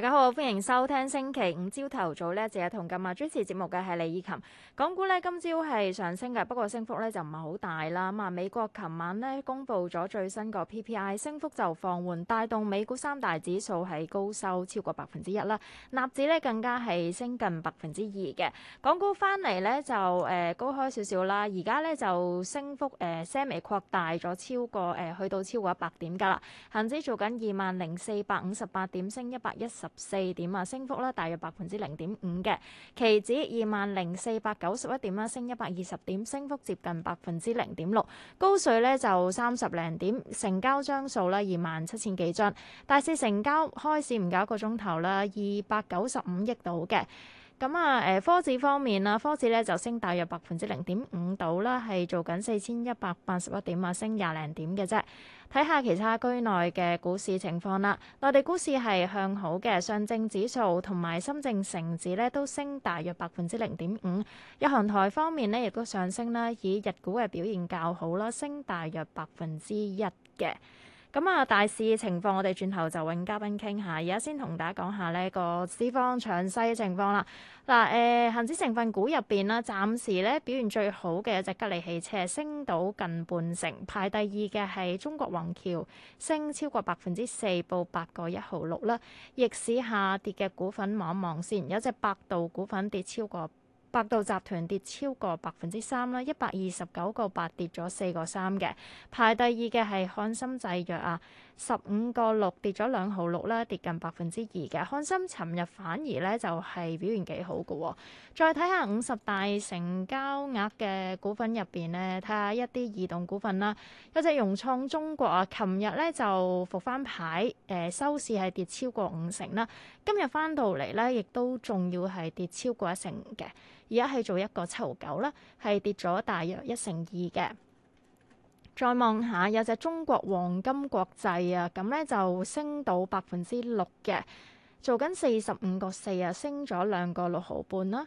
大家好，歡迎收聽星期五朝頭早,早呢一節同今日主持節目嘅係李依琴。港股咧今朝係上升嘅，不過升幅咧就唔係好大啦。咁啊，美國琴晚咧公布咗最新個 PPI，升幅就放緩，帶動美股三大指數係高收超過百分之一啦。納指咧更加係升近百分之二嘅，港股翻嚟咧就誒、呃、高開少少啦，而家咧就升幅誒稍、呃、微擴大咗，超過誒、呃、去到超過一百點噶啦。恒指做緊二萬零四百五十八點，升一百一十。四點啊，升幅咧大約百分之零點五嘅，期指二萬零四百九十一點啦，升一百二十點，升幅接近百分之零點六，高水呢就三十零點，成交張數咧二萬七千幾張，大市成交開市唔夠一個鐘頭啦，二百九十五億度嘅。咁啊，誒、嗯，科指方面啦，科指咧就升大約百分之零點五度啦，係做緊四千一百八十一點啊，升廿零點嘅啫。睇下其他區內嘅股市情況啦，內地股市係向好嘅，上證指數同埋深證成指咧都升大約百分之零點五。日韓台方面咧亦都上升啦，以日股嘅表現較好啦，升大約百分之一嘅。咁啊，大市情況，我哋轉頭就揾嘉賓傾下。而家先同大家講下呢、這個資方詳細嘅情況啦。嗱、呃，誒恆指成分股入邊啦，暫時咧表現最好嘅一隻吉利汽車升到近半成，排第二嘅係中國宏橋升超過百分之四，報八個一毫六啦。16, 逆市下跌嘅股份望一望先，有隻百度股份跌超過。百度集團跌超過百分之三啦，一百二十九個八，跌咗四個三嘅，排第二嘅係漢森製藥啊，十五個六跌咗兩毫六啦，跌近百分之二嘅。恒生尋日反而咧就係表現幾好嘅。再睇下五十大成交額嘅股份入邊咧，睇下一啲異動股份啦。有隻融創中國啊，琴日咧就復翻牌，誒、呃、收市係跌超過五成啦。今日翻到嚟咧，亦都仲要係跌超過一成嘅。而家係做一個七毫九啦，係跌咗大約一成二嘅。再望下有隻中國黃金國際啊，咁咧就升到百分之六嘅，做緊四十五個四啊，升咗兩個六毫半啦。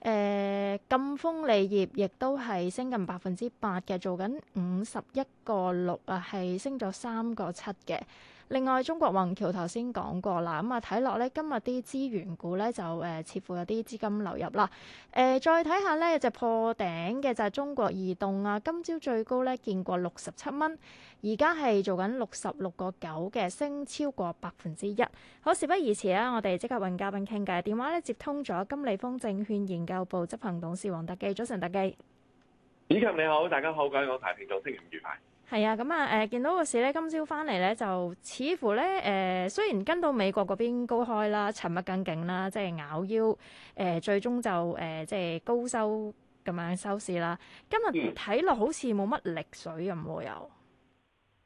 誒，金豐利業亦都係升近百分之八嘅，做緊五十一個六啊，係升咗三個七嘅。另外，中國宏橋頭先講過啦，咁啊睇落咧，今日啲資源股咧就誒、呃、似乎有啲資金流入啦。誒、呃，再睇下咧，有隻破頂嘅就係中國移動啊，今朝最高咧見過六十七蚊，而家係做緊六十六個九嘅，升超過百分之一。好，事不宜遲啊，我哋即刻揾嘉賓傾偈。電話咧接通咗，金利豐證券研究部執行董事黃德幾。早晨德幾。主持你好，大家好，我台慶祝新年愉係啊，咁、呃、啊，誒見到個市咧，今朝翻嚟咧就似乎咧，誒、呃、雖然跟到美國嗰邊高開啦，尋日更勁啦，即係咬腰，誒、呃、最終就誒、呃、即係高收咁樣收市啦。今日睇落好似冇乜力水咁喎又，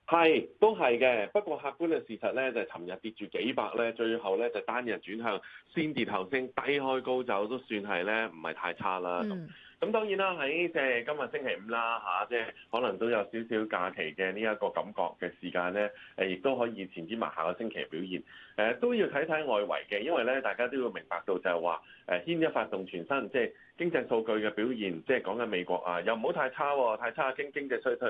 係、嗯、都係嘅。不過客觀嘅事實咧，就係尋日跌住幾百咧，最後咧就係、單日轉向先跌後升，低開高走都算係咧，唔係太差啦。嗯咁當然啦，喺即係今日星期五啦嚇，即係可能都有少少假期嘅呢一個感覺嘅時間咧，誒亦都可以前瞻埋下個星期表現，誒都要睇睇外圍嘅，因為咧大家都要明白到就係話誒牽一髮動全身，即係。經濟數據嘅表現，即係講緊美國啊，又唔好太差，太差經經濟衰退。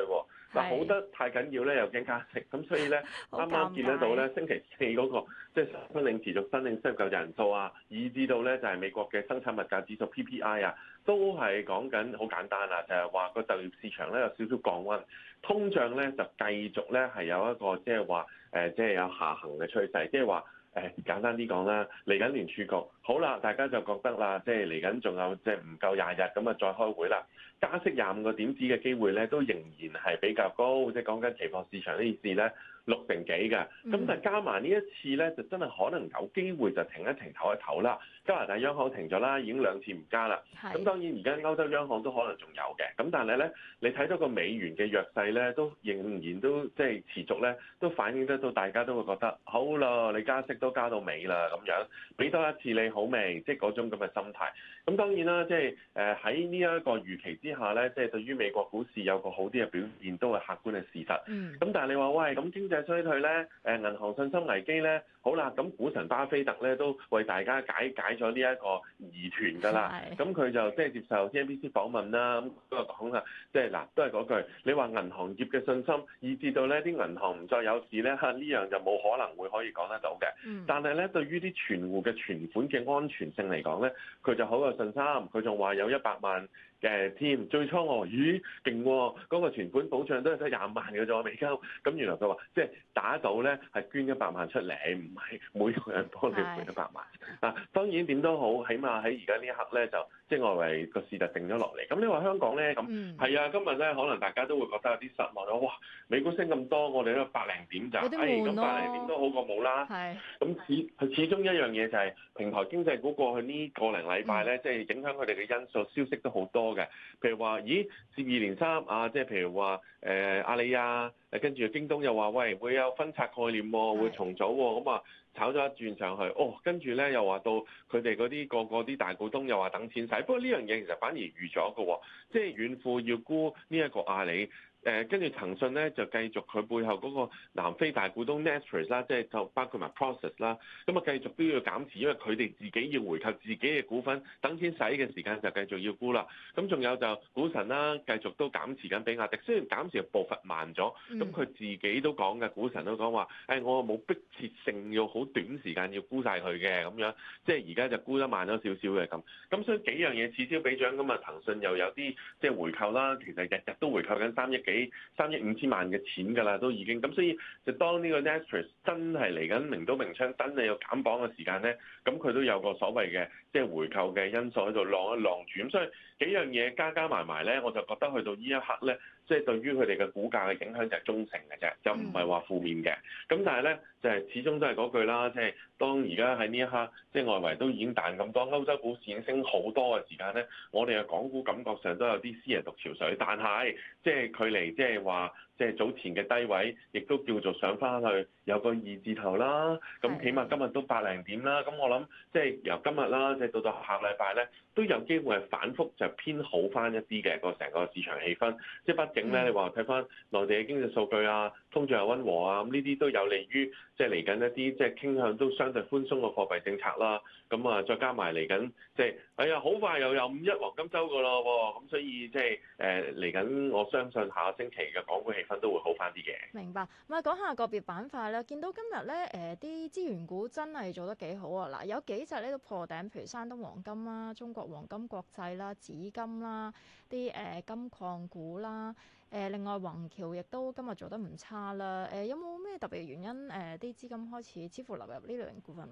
嗱的，好得太緊要咧，又驚加息。咁所以咧，啱啱 的見得到咧，星期四嗰、那個即係申領持續申領失業救人數啊，以至到咧就係美國嘅生產物價指數 PPI 啊，都係講緊好簡單啊，就係、是、話個就業市場咧有少少降溫，通脹咧就繼續咧係有一個即係話誒，即、就、係、是就是、有下行嘅趨勢，即係話誒簡單啲講啦，嚟緊聯儲局。好啦，大家就覺得啦，即係嚟緊仲有即係唔夠廿日咁啊，再開會啦。加息廿五個點子嘅機會咧，都仍然係比較高。即係講緊期貨市場呢件事咧，六成幾㗎。咁但係加埋呢一次咧，就真係可能有機會就停一停、唞一唞啦。加拿大央行停咗啦，已經兩次唔加啦。咁當然而家歐洲央行都可能仲有嘅。咁但係咧，你睇到個美元嘅弱勢咧，都仍然都即係持續咧，都反映得到大家都會覺得好啦，你加息都加到尾啦咁樣，俾多一次你。好味，即係嗰種咁嘅心態。咁當然啦，即係誒喺呢一個預期之下呢，即係對於美國股市有個好啲嘅表現，都係客觀嘅事實。嗯。咁但係你話喂，咁經濟衰退呢，誒銀行信心危機呢，好啦，咁股神巴菲特呢，都為大家解解咗呢一個疑團㗎啦。係。咁佢就即係接受 CNBC 訪問啦，咁都係講啊，即係嗱，都係嗰句，你話銀行業嘅信心，以至到呢啲銀行唔再有事呢，嚇呢樣就冇可能會可以講得到嘅。但係呢，對於啲存戶嘅存款嘅，安全性嚟講咧，佢就好有信心。佢仲話有一百萬。嘅添，最初我話咦勁，嗰、哦嗰個存款保障都係得廿萬嘅啫，未夠。咁原來佢話即係打到咧，係捐一百萬出嚟，唔係每個人幫你賠一百萬。嗱，是的 當然點都好，起碼喺而家呢一刻咧，就即係外圍個市就定咗落嚟。咁你話香港咧，咁係啊，嗯、今日咧可能大家都會覺得有啲失望囉。哇，美股升咁多，我哋都百零點咋？點啊、哎，咁、那個、百零點都好過冇啦。係是的。咁始佢始終一樣嘢就係平台經濟股過去個去呢個零禮拜咧，即係、嗯嗯、影響佢哋嘅因素消息都好多。嘅，譬如話，咦，接二連三啊，即係譬如話，誒、呃、阿里啊，誒跟住京東又話，喂，會有分拆概念，會重組，咁啊、嗯、炒咗一轉上去，哦，跟住咧又話到佢哋嗰啲個個啲大股東又話等錢使，不過呢樣嘢其實反而預咗㗎，即、啊、係、就是、遠富要沽呢一個阿里。誒跟住騰訊咧就繼續佢背後嗰個南非大股東 Naspers 啦，即係就包括埋 Prosus 啦，咁啊繼續都要減持，因為佢哋自己要回購自己嘅股份，等錢使嘅時間就繼續要沽啦。咁仲有就股神啦、啊，繼續都減持緊比亞迪，雖然減持步伐慢咗，咁佢、嗯嗯、自己都講嘅，股神都講話，誒、哎、我冇逼切性要好短時間要沽晒佢嘅咁樣，即係而家就沽得慢咗少少嘅咁。咁所以幾樣嘢此消彼長，咁啊騰訊又有啲即係回購啦，其實日日都回購緊三億幾。三億五千萬嘅錢㗎啦，都已經咁，所以就當呢個 Nasdaq 真係嚟緊名刀名槍，明明真係有減磅嘅時間咧，咁佢都有個所謂嘅即係回購嘅因素喺度浪一浪住，咁所以幾樣嘢加加埋埋咧，我就覺得去到呢一刻咧。即係對於佢哋嘅股價嘅影響就係中性嘅啫，就唔係話負面嘅。咁但係咧，就係、是、始終都係嗰句啦，即、就、係、是、當而家喺呢一刻，即、就、係、是、外圍都已經彈咁多，歐洲股市已經升好多嘅時間咧，我哋嘅港股感覺上都有啲私人獨潮水，但係即係距離即係話。即係早前嘅低位，亦都叫做上翻去有個二字頭啦。咁起碼今日都百零點啦。咁我諗即係由今日啦，即、就、係、是、到到下禮拜咧，都有機會係反覆就偏好翻一啲嘅個成個市場氣氛。即係畢竟咧，嗯、你話睇翻內地嘅經濟數據啊，通脹又溫和啊，咁呢啲都有利於即係嚟緊一啲即係傾向都相對寬鬆嘅貨幣政策啦。咁、嗯、啊，再加埋嚟緊即係。就是係啊，好、哎、快又有五一黃金周㗎咯喎，咁、嗯、所以即係誒嚟緊，呃、我相信下個星期嘅港股氣氛都會好翻啲嘅。明白，咁係講下個別板塊咧，見到今日咧誒啲資源股真係做得幾好啊！嗱、呃，有幾隻呢個都破頂，譬如山東黃金啦、中國黃金國際啦、紫金啦、啲、呃、誒金礦股啦，誒、呃、另外宏橋亦都今日做得唔差啦。誒、呃、有冇咩特別原因誒啲、呃、資金開始似乎流入呢類型股份？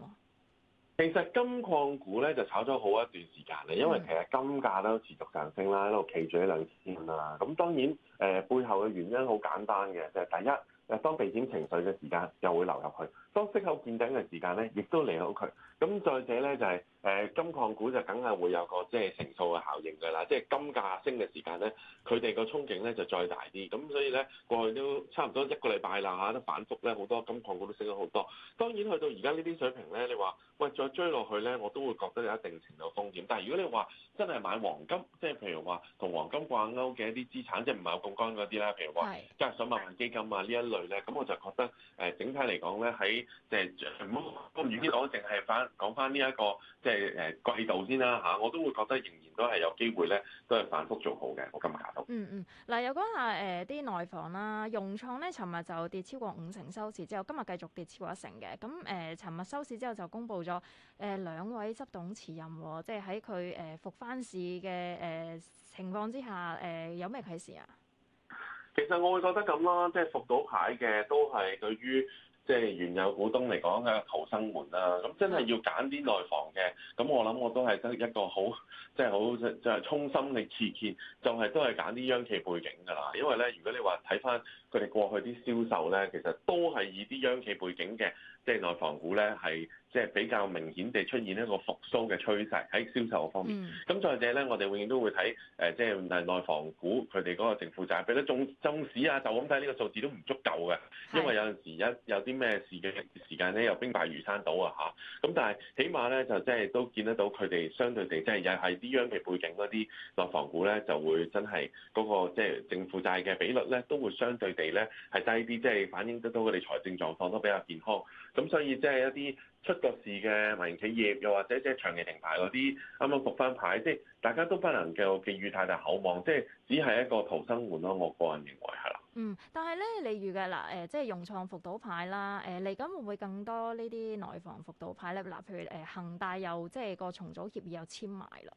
其實金礦股咧就炒咗好一段時間咧，因為其實金價都持續上升啦，一路企住一兩線啦。咁當然誒、呃、背後嘅原因好簡單嘅，就係、是、第一。誒當避險情緒嘅時間又會流入去，當息口見頂嘅時間咧，亦都離好近。咁再者咧就係誒金礦股就梗係會有個即係乘數嘅效應㗎啦，即係金價升嘅時間咧，佢哋個憧憬咧就再大啲。咁所以咧過去都差唔多一個禮拜啦嚇，都反覆咧好多金礦股都升咗好多。當然去到而家呢啲水平咧，你話喂，再追落去咧，我都會覺得有一定程度風險。但係如果你話真係買黃金，即係譬如話同黃金掛鈎嘅一啲資產，即係唔係有槓桿嗰啲啦，譬如話係隔息萬基金啊呢一類。咁我就覺得誒整體嚟講咧，喺即係唔好唔遠啲講，淨係翻講翻呢一個即係誒季度先啦嚇，我都會覺得仍然都係有機會咧，都係反覆做好嘅。我今日睇到。嗯嗯，嗱、嗯、又講下誒啲、呃、內房啦，融創咧，尋日就跌超過五成收市，之後今日繼續跌超過一成嘅。咁、呃、誒，尋日收市之後就公布咗誒兩位執董辭任，即係喺佢誒復番市嘅誒、呃、情況之下，誒、呃、有咩啟示啊？其實我會覺得咁啦，即、就、係、是、復到牌嘅都係對於即係原有股東嚟講嘅逃生門啦。咁真係要揀啲內房嘅，咁我諗我都係得一個好，即係好即係衷心力刺擊，就係、是就是就是、都係揀啲央企背景㗎啦。因為呢，如果你話睇返。看看佢哋過去啲銷售咧，其實都係以啲央企背景嘅即係內房股咧，係即係比較明顯地出現一個復甦嘅趨勢喺銷售方面。咁、嗯、再者咧，我哋永遠都會睇誒、呃，即係內房股佢哋嗰個淨負債比率，縱縱使啊，就咁睇呢個數字都唔足夠嘅，因為有陣時一有啲咩事嘅時間咧，又兵敗如山倒啊吓。咁但係起碼咧，就即係都見得到佢哋相對地，即係又係啲央企背景嗰啲內房股咧，就會真係嗰、嗰個即係淨負債嘅比率咧，都會相對地，咧係低啲，即係反映得到佢哋財政狀況都比較健康，咁所以即係一啲出咗事嘅民營企業，又或者即係長期停牌嗰啲，啱啱復翻牌，即係大家都不能夠寄予太大厚望，即係只係一個逃生門咯。我個人認為係啦。嗯，但係咧，你預計嗱誒、呃，即係融創復倒牌啦，誒嚟緊會唔會更多呢啲內房復倒牌咧？嗱，譬如誒恒大又即係個重組協議又簽埋啦。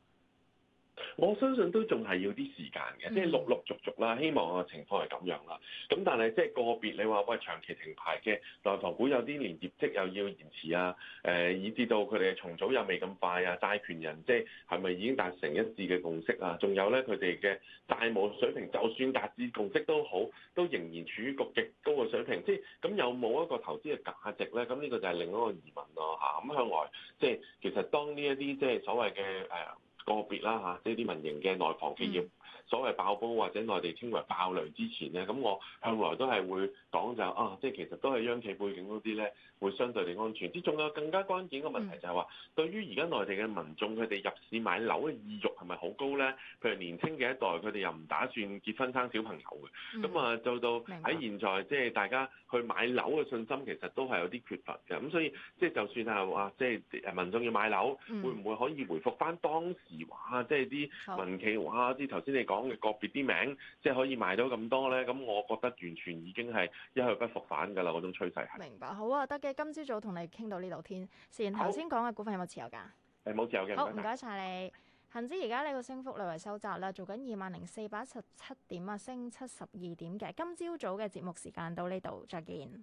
我相信都仲係要啲時間嘅，即係陸陸續續啦。希望個情況係咁樣啦。咁但係即係個別你話喂，長期停牌嘅內房股有啲連業績又要延遲啊，誒、呃、以至到佢哋嘅重組又未咁快啊。債權人即係係咪已經達成一致嘅共識啊？仲有咧佢哋嘅債務水平，就算達至共識都好，都仍然處於個極高嘅水平。即係咁有冇一個投資嘅價值咧？咁呢個就係另一個疑問咯嚇。咁、啊、向來即係其實當呢一啲即係所謂嘅誒。呃個別啦吓，即係啲民營嘅內房企業。嗯所謂爆煲或者內地稱為爆雷之前咧，咁我向來都係會講就啊，即係其實都係央企背景嗰啲咧，會相對地安全。之仲有更加關鍵嘅問題就係話，嗯、對於而家內地嘅民眾，佢哋入市買樓嘅意欲係咪好高咧？譬如年輕嘅一代，佢哋又唔打算結婚生小朋友嘅，咁啊做到喺現在，即係白大家去買樓嘅信心其實都係有啲缺乏嘅。咁所以即係就算係話，即係誒民眾要買樓，嗯、會唔會可以回覆翻當時話，即係啲民企話，啲頭先你講。講嘅個別啲名，即係可以賣到咁多咧，咁我覺得完全已經係一去不復返噶啦，嗰種趨勢係。明白，好啊，得嘅。今朝早同你傾到呢度天，先。頭先講嘅股份有冇持有㗎？誒冇持有嘅。呃、好，唔該晒你。恆指而家呢個升幅略為收窄啦，做緊二萬零四百一十七點啊，升七十二點嘅。今朝早嘅節目時間到呢度，再見。